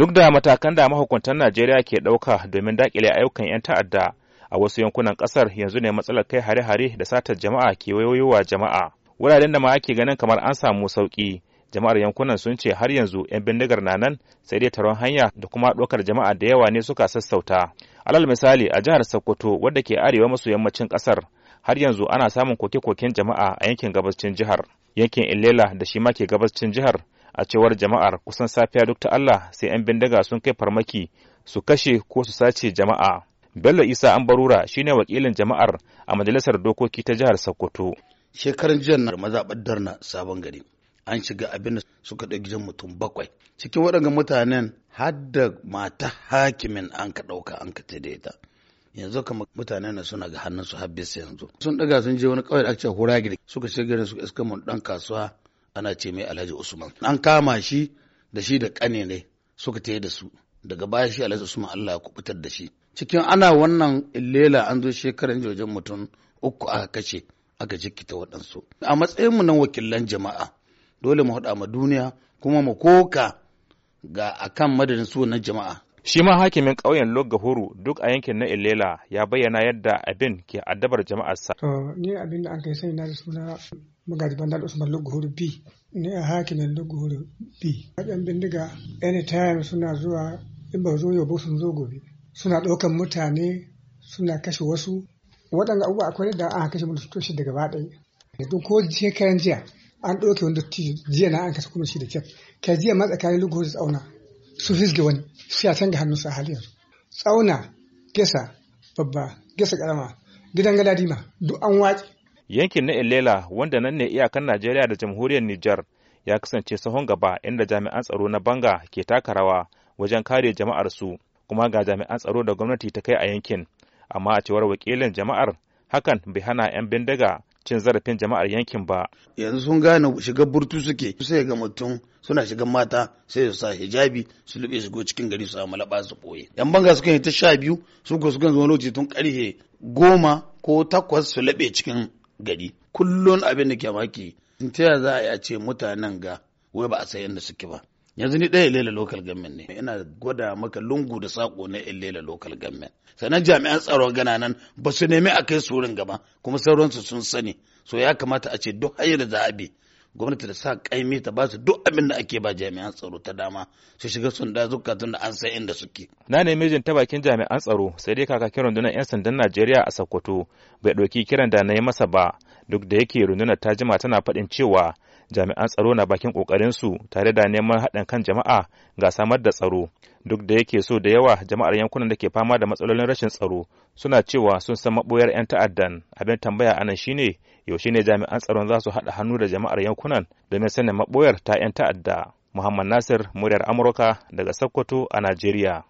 Duk da matakan da mahukuntan Najeriya ke ɗauka domin daƙile ayyukan 'yan ta'adda a wasu yankunan ƙasar yanzu ne matsalar kai hare-hare da satar jama'a ke wayoyowa jama'a. Wuraren da ma ake ganin kamar an samu sauki jama'ar yankunan sun ce har yanzu 'yan bindigar na nan sai dai taron hanya da kuma ɗaukar jama'a da yawa ne suka sassauta. Alal misali a jihar Sokoto wadda ke arewa maso yammacin ƙasar har yanzu ana samun koke-koken jama'a a yankin gabascin jihar. Yankin Ilela da shi ma ke gabascin jihar a cewar jama'ar kusan safiya duk ta Allah sai 'yan bindiga sun kai farmaki su kashe ko su sace jama'a. Bello Isa Ambarura shine wakilin jama'ar a majalisar dokoki ta jihar Sokoto. Shekaran jiyan na mazaɓar Darna sabon gari an shiga abin da suka ɗauki gidan mutum bakwai. Cikin waɗannan mutanen har da mata hakimin an ka ɗauka an ka da ta, yanzu kama mutanen na suna ga hannun su habbis yanzu sun daga sun je wani kawai da ake hura gida suka shiga da suka iska mun ɗan kasuwa ana ce mai alhaji usman an kama shi da shi da kane ne suka tafi da su daga baya shi alhaji usman allah ya kubutar da shi cikin ana wannan illela an zo shekaran wajen mutum uku aka kashe aka jikita waɗansu a matsayin mu na wakilan jama'a dole mu haɗa ma duniya kuma mu koka ga akan madadin su na jama'a Shi ma hakimin ƙauyen Logahuru duk a yankin na Ilela ya bayyana yadda abin ke addabar jama'arsa. To, ni abin da an kai sani na da suna magaji bandar usman luguhuru bi ne a hakimin luguhuru b wajen bindiga anytime suna zuwa in ba zo yau ba sun zo gobe suna ɗaukan mutane suna kashe wasu waɗanda abubuwa akwai da aka kashe mutum shi daga baɗai ɗaya yanzu ko kayan jiya an ɗauke wanda jiya na an kasa kuma shi da kyau kai jiya ma tsakanin luguhuru da tsauna su fisge wani su ya canza hannunsu a halin tsauna gesa babba gesa ƙarama gidan gadadima duk an waƙe yankin na ilela wanda nan ne iyakan najeriya da jamhuriyar nijar ya kasance sahon gaba inda jami'an tsaro na banga ke taka rawa wajen kare jama'ar su kuma ga jami'an tsaro da gwamnati ta kai a yankin amma a cewar wakilin jama'ar hakan bai hana 'yan bindiga cin zarafin jama'ar yankin ba yanzu sun gane shiga burtu suke sai ga mutum suna shiga mata sai su sa hijabi su lube su go cikin gari su samu laba su boye yan banga suka yi ta sha biyu su ko sukan zo lokaci tun karfe goma ko takwas su laɓe cikin gari kullum abin da ke maki in ta za a yi ce mutanen ga wai ba a san yadda suke ba yanzu ni ɗaya ilela lokal government ne ina gwada maka lungu da sako na ilela lokal government sannan jami'an tsaron gana nan ba su nemi a kai surin gaba kuma sauransu sun sani so ya kamata a ce duk hanyar da za a bi gwamnati da sa kaimi ta ba su duk abin da ake ba jami'an tsaro ta dama su shiga sun da tun da an sai inda suke. Na nemi jin ta bakin jami'an tsaro sai dai kaka kiran rundunar 'yan sandan Najeriya a Sokoto bai ɗauki kiran da na yi masa ba duk da yake rundunar ta jima tana faɗin cewa jami'an tsaro na bakin su tare da neman haɗin kan jama'a ga samar da tsaro duk da yake so da yawa jama'ar yankunan da ke fama da matsalolin rashin tsaro suna cewa sun san maɓoyar 'yan ta'addan abin tambaya anan shine yaushe ne jami'an tsaron za su haɗa hannu da jama'ar yankunan domin sanin maɓoyar ta 'yan ta'adda muhammad nasir muryar amurka daga sokoto a najeriya